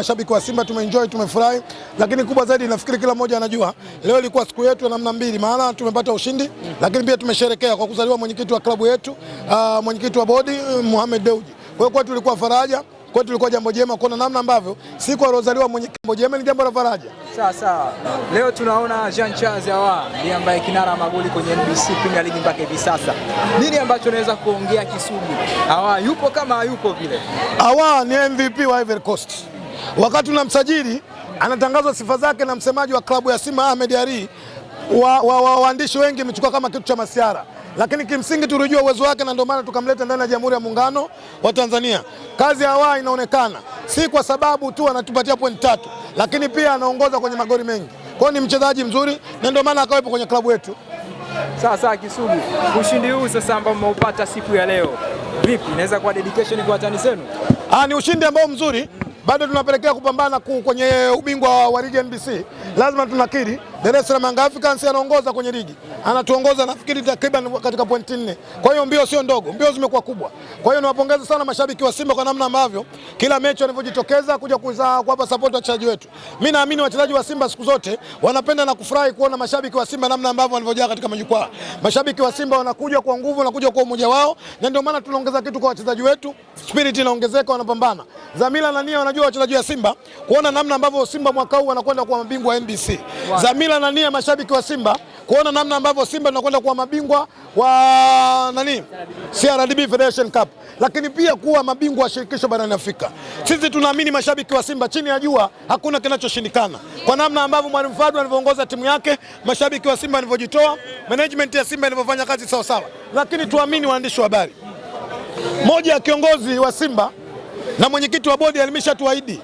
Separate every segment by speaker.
Speaker 1: mashabiki wa Simba tumeenjoy, tumefurahi, lakini kubwa zaidi nafikiri kila mmoja anajua leo ilikuwa siku yetu ya namna mbili, maana tumepata ushindi, lakini pia tumesherekea kwa kuzaliwa mwenyekiti wa klabu yetu, uh, mwenyekiti wa bodi Mohamed Deuji. Kwa hiyo kwetu ilikuwa faraja kwa tulikuwa jambo jema kuona namna ambavyo siku aliozaliwa mwenye jambo jema ni jambo la faraja.
Speaker 2: Sawa sawa. Leo tunaona Jean Charles Ahoua ndiye ambaye kinara magoli kwenye NBC Premier League mpaka hivi sasa.
Speaker 1: Nini ambacho unaweza kuongea Kisugu? Ahoua yupo kama hayupo vile. Ahoua ni MVP wa Ivory Coast. Wakati unamsajili anatangazwa sifa zake na msemaji wa klabu ya Simba Ahmed wa waandishi wa, wa, wengi imechukua kama kitu cha masiara, lakini kimsingi tulijua uwezo wake na ndio maana tukamleta ndani ya Jamhuri ya Muungano wa Tanzania. Kazi ya Ahoua inaonekana si kwa sababu tu anatupatia point tatu, lakini pia anaongoza kwenye magori mengi. Kwa hiyo ni mchezaji mzuri na ndio maana akawepo kwenye klabu yetu.
Speaker 2: Sasa Kisugu, ushindi huu sasa ambao mmeupata siku ya leo, vipi inaweza kuwa dedication kwa watani zenu?
Speaker 1: Ah, ni ushindi ambao mzuri mm bado tunapelekea kupambana kwenye ubingwa wa ligi NBC lazima tunakiri Dar es Salaam Yanga Africans anaongoza kwenye ligi, anatuongoza nafikiri takriban katika pointi nne. Kwa hiyo mbio sio ndogo, mbio zimekuwa kubwa. Kwa hiyo niwapongeze sana mashabiki wa Simba kwa namna ambavyo kila mechi wanavyojitokeza kuja kuzaa kwa hapa support wachezaji wetu. Mimi naamini wachezaji wa Simba siku zote wanapenda na kufurahi kuona mashabiki wa Simba namna ambavyo walivyojaa katika majukwaa. Mashabiki wa Simba wanakuja kwa nguvu, wanakuja kwa umoja wao, na ndio maana tunaongeza kitu kwa wachezaji wetu, spirit inaongezeka, wanapambana. Dhamira na nia wanajua wachezaji wa Simba kuona namna ambavyo Simba mwaka huu wanakwenda kuwa mabingwa na NBC. Dhamira na nia mashabiki wa Simba kuona namna ambavyo Simba inakwenda kuwa mabingwa wa nani CRDB Federation Cup, lakini pia kuwa mabingwa wa shirikisho barani Afrika. Sisi tunaamini mashabiki wa Simba, chini ya jua hakuna kinachoshindikana, kwa namna ambavyo mwalimu Fadu anavyoongoza timu yake, mashabiki wa Simba wanavyojitoa, management ya Simba inavyofanya kazi sawasawa. Lakini tuamini waandishi wa habari, moja ya kiongozi wa Simba na mwenyekiti wa bodi alimeshatuahidi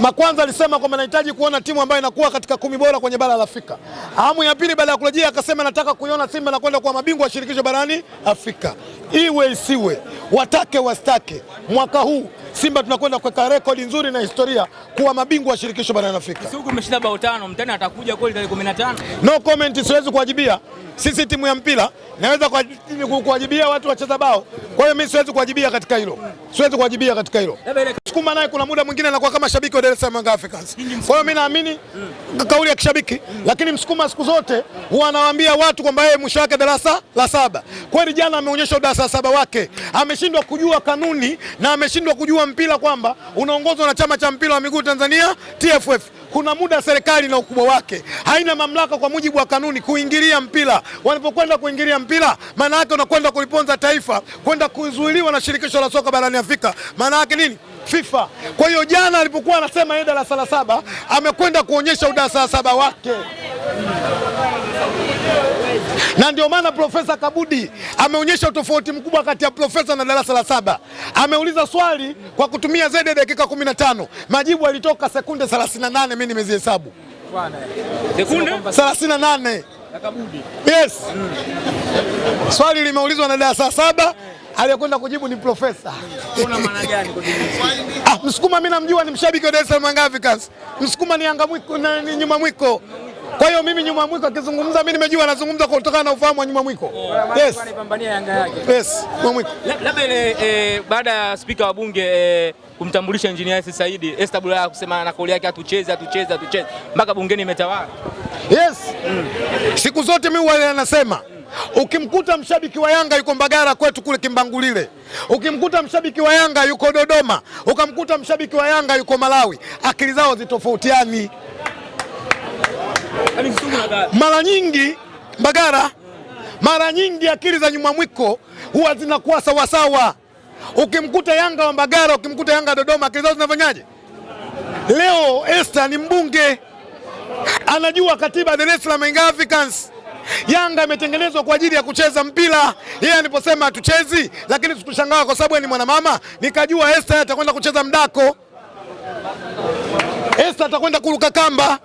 Speaker 1: Makwanza alisema kwamba anahitaji kuona timu ambayo inakuwa katika kumi bora kwenye bara la Afrika. Awamu ya pili baada ya kurejea akasema nataka kuiona Simba na kwenda kuwa mabingwa wa shirikisho barani Afrika. Iwe isiwe, watake wastake, mwaka huu Simba tunakwenda kuweka rekodi nzuri na historia kuwa mabingwa wa shirikisho barani Afrika.
Speaker 2: Sisi huko tumeshinda bao tano, mtani atakuja kweli tarehe 15.
Speaker 1: No comment, siwezi kuwajibia sisi timu ya mpira naweza kuwajibia watu wacheza bao. Kwa hiyo mimi siwezi kuwajibia katika hilo, siwezi kuwajibia katika hilo. Sukuma naye kuna muda mwingine anakuwa kama shabiki wa Dar es Salaam Young Africans. Kwa hiyo mimi naamini kauli ya kishabiki, lakini Msukuma siku zote huwa anawaambia watu kwamba yeye mwisho wake darasa la saba. Kweli jana ameonyesha darasa la saba wake, ameshindwa kujua kanuni na ameshindwa kujua mpira kwamba unaongozwa na chama cha mpira wa miguu Tanzania TFF kuna muda serikali na ukubwa wake haina mamlaka kwa mujibu wa kanuni kuingilia mpira. Wanapokwenda kuingilia mpira, maana yake unakwenda kuliponza taifa, kwenda kuzuiliwa na shirikisho la soka barani Afrika. Maana yake nini? FIFA. Kwa hiyo jana alipokuwa anasema yeye darasa la saba, amekwenda kuonyesha udarasa la saba wake na ndio maana Profesa Kabudi ameonyesha utofauti mkubwa kati ya profesa na darasa la saba. Ameuliza swali kwa kutumia zaidi ya dakika 15, majibu yalitoka sekunde 38. Mimi nimezihesabu sekunde 38. Yes. Mm. Swali limeulizwa na darasa la saba aliyekwenda kujibu ni profesa. Una maana gani? Ah, Msukuma mimi namjua, ni mshabiki wa Dar es Salaam Africans. Msukuma ni Yanga mwiko na ni nyuma mwiko kwa hiyo mimi nyuma mwiko akizungumza, mimi nimejua anazungumza kutokana na ufahamu wa nyuma mwiko. Yes. Yes, nyuma mwiko.
Speaker 2: Labda ile e, baada ya spika wa bunge e, kumtambulisha Engineer Hersi Said, Esther kusema na kauli yake atucheze, atucheze, atucheze mpaka bungeni imetawala.
Speaker 1: Yes. Mm. Siku zote mimi wale anasema Ukimkuta mshabiki wa Yanga yuko Mbagara kwetu kule Kimbangulile, ukimkuta mshabiki wa Yanga yuko Dodoma, ukamkuta mshabiki wa Yanga yuko Malawi, akili zao zitofautiani. Yaani mara nyingi Mbagara, mara nyingi akili za nyuma mwiko huwa zinakuwa sawasawa. Ukimkuta Yanga wa Mbagara, ukimkuta Yanga Dodoma, akili zao zinafanyaje? Leo Esther ni mbunge, anajua katiba Dar es Salaam Young Africans. Yanga imetengenezwa kwa ajili ya kucheza mpira. Yeye aliposema hatuchezi, lakini sikushangaa kwa sababu ni mwanamama, nikajua Esther atakwenda kucheza mdako, Esther atakwenda kuruka kamba.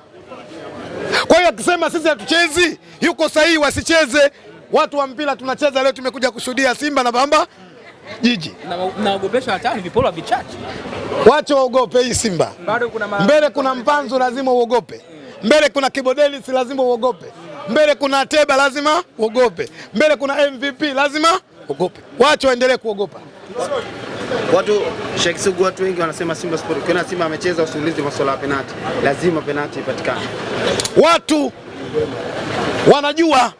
Speaker 1: Kwa hiyo akisema sisi hatuchezi, yuko sahihi, wasicheze. Watu wa mpira tunacheza. Leo tumekuja kushuhudia Simba na Bamba Jiji naogopeshwa hatari, viporo vichache. Wacha waogope hii Simba. Bado kuna ma... mbele kuna mpanzu lazima uogope, mbele kuna kibodeli si lazima uogope, mbele kuna teba lazima uogope, mbele kuna MVP lazima uogope. Wacha waendelee kuogopa
Speaker 2: watu Sheikh Sugu, watu wengi wanasema Simba Sport, ukiona Simba amecheza usiulize masuala ya penalti, lazima penalti ipatikane.
Speaker 1: Watu wanajua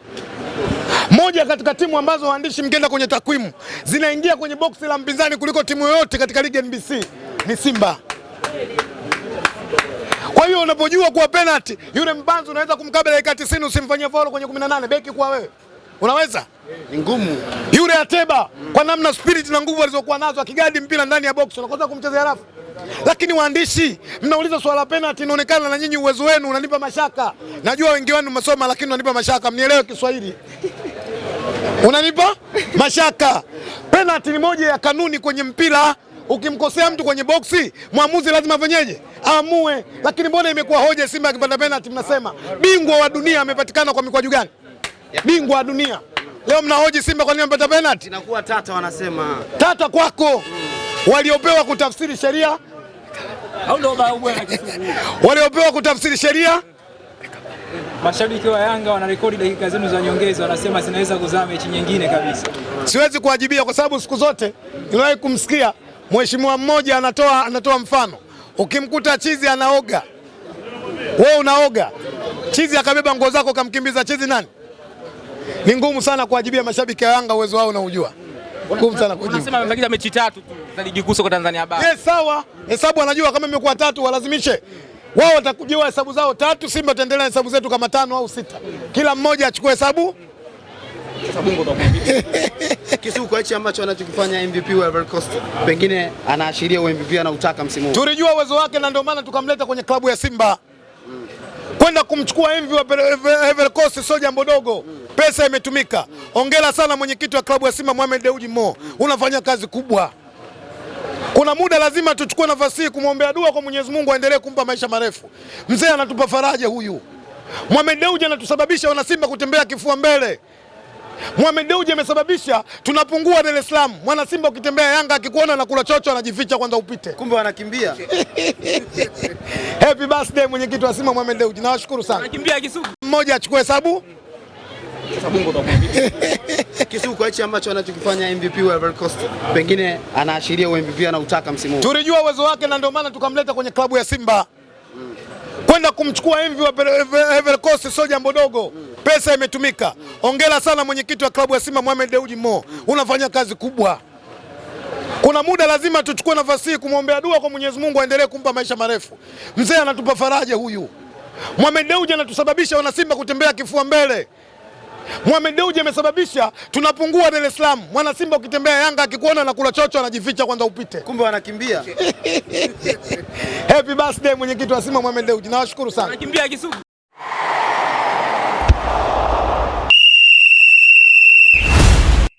Speaker 1: moja katika timu ambazo waandishi mkienda kwenye takwimu zinaingia kwenye boksi la mpinzani kuliko timu yoyote katika ligi NBC ni Simba. Kwa hiyo unapojua kuwa penalti, yule mbanzo unaweza kumkabila dakika 90, usimfanyie kwenye 18, beki kwa wewe Unaweza? Ni ngumu. Yule Ateba kwa namna spirit na nguvu alizokuwa nazo akigadi mpira ndani ya box unakosa kumchezea rafu. Lakini waandishi mnauliza swala la penalty, inaonekana na nyinyi uwezo wenu unanipa mashaka. Najua wengi wenu mmesoma, lakini unanipa mashaka, mnielewe Kiswahili unanipa mashaka. Penalty ni moja ya kanuni kwenye mpira. Ukimkosea mtu kwenye boksi, mwamuzi lazima afanyeje? Aamue. Lakini mbona imekuwa hoja Simba akipata penalty, mnasema bingwa wa dunia amepatikana kwa mikwaju gani? bingwa wa dunia. Leo mnahoji Simba kwa nini amepata penalti?
Speaker 2: Inakuwa tata, wanasema
Speaker 1: tata kwako, waliopewa kutafsiri sheria waliopewa kutafsiri sheria.
Speaker 2: Mashabiki wa Yanga wanarekodi dakika zenu za nyongeza, wanasema zinaweza kuzaa mechi nyingine kabisa.
Speaker 1: Siwezi kuwajibia kwa sababu siku zote niliwahi kumsikia mheshimiwa mmoja anatoa, anatoa mfano, ukimkuta chizi anaoga, wewe unaoga, chizi akabeba nguo zako kamkimbiza chizi nani? ni ngumu sana kuwajibia mashabiki wa Yanga, uwezo wao unaujua ngumu sana kujibu. Unasema
Speaker 2: amebakiza mechi tatu tu za ligi kuu kwa Tanzania bara.
Speaker 1: Yes, eh, sawa. Hesabu anajua kama imekuwa tatu walazimishe. Wao watakujua hesabu zao tatu, Simba tendelea hesabu zetu kama tano au sita. Kila mmoja achukue hesabu. Hesabu
Speaker 2: ngo ndo. kwa hichi ambacho anachokifanya MVP wa Ivory Coast pengine anaashiria MVP anautaka msimu huu.
Speaker 1: Tulijua uwezo wake na ndio maana tukamleta kwenye klabu ya Simba. Kwenda kumchukua MVP wa Ivory Coast sio jambo dogo. Mm pesa imetumika. Ongera sana mwenyekiti wa klabu ya Simba Mohamed Deuji Mo, unafanya kazi kubwa. Kuna muda lazima tuchukue nafasi hii kumwombea dua kwa Mwenyezi Mungu aendelee kumpa maisha marefu. Mzee anatupa faraja huyu. Mohamed Deuji anatusababisha wanasimba kutembea kifua mbele. Mohamed Deuji amesababisha tunapungua Dar es Salaam. Mwana Simba ukitembea Yanga akikuona na kula chocho anajificha kwanza upite.
Speaker 2: Kumbe wanakimbia.
Speaker 1: Happy birthday mwenyekiti wa Simba Mohamed Deuji. Nawashukuru sana.
Speaker 2: Anakimbia Kisugu.
Speaker 1: Mmoja achukue hesabu. Sasa Mungu
Speaker 2: atakuambia Kisu kwa hichi ambacho anachokifanya MVP wa Ivory Coast, pengine anaashiria MVP anautaka msimu huu.
Speaker 1: Tulijua uwezo wake na ndio maana tukamleta kwenye klabu ya Simba mm. Kwenda kumchukua MVP wa Ivory Coast sio jambo dogo mm. Pesa imetumika mm. Ongera sana mwenyekiti wa klabu ya Simba Mohamed Dewji Mo mm. Unafanya kazi kubwa kuna muda lazima tuchukue nafasi hii kumwombea dua kwa Mwenyezi Mungu aendelee kumpa maisha marefu. Mzee anatupa faraja huyu. Mohamed Dewji anatusababisha wanasimba kutembea kifua mbele. Mohamed Dewji amesababisha tunapungua Dar es Salaam. Mwana Simba ukitembea Yanga akikuona na kula chocho anajificha kwanza upite.
Speaker 2: Kumbe wanakimbia.
Speaker 1: Happy birthday mwenyekiti wa Simba Mohamed Dewji. Nawashukuru sana.
Speaker 2: Anakimbia kisugu.